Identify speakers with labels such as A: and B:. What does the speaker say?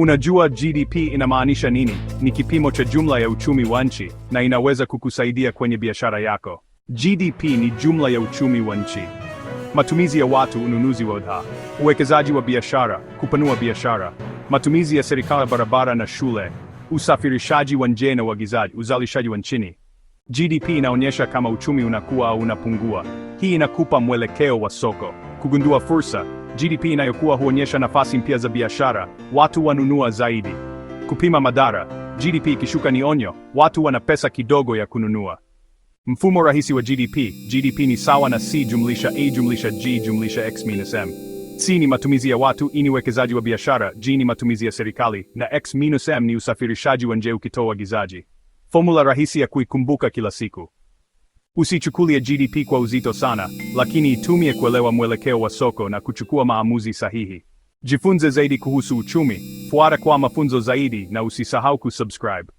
A: Unajua GDP inamaanisha nini? Ni kipimo cha jumla ya uchumi wa nchi na inaweza kukusaidia kwenye biashara yako. GDP ni jumla ya uchumi wa nchi. Matumizi ya watu, ununuzi wa bidhaa, uwekezaji wa biashara, kupanua biashara, matumizi ya serikali, barabara na shule, usafirishaji wa nje na uagizaji, uzalishaji wa nchini. GDP inaonyesha kama uchumi unakuwa au unapungua. Hii inakupa mwelekeo wa soko, kugundua fursa GDP inayokuwa huonyesha nafasi mpya za biashara, watu wanunua zaidi. Kupima madhara, GDP ikishuka ni onyo, watu wana pesa kidogo ya kununua. Mfumo rahisi wa GDP. GDP ni sawa na C jumlisha A jumlisha G jumlisha X minus M. C ni matumizi ya watu, I e ni uwekezaji wa biashara, G ni matumizi ya serikali, na X minus M ni usafirishaji wa nje ukitoa agizaji. Formula rahisi ya kuikumbuka kila siku. Usichukulie GDP kwa uzito sana, lakini itumie kuelewa mwelekeo wa soko na kuchukua maamuzi sahihi. Jifunze zaidi kuhusu uchumi, fuara kwa mafunzo zaidi na usisahau kusubscribe.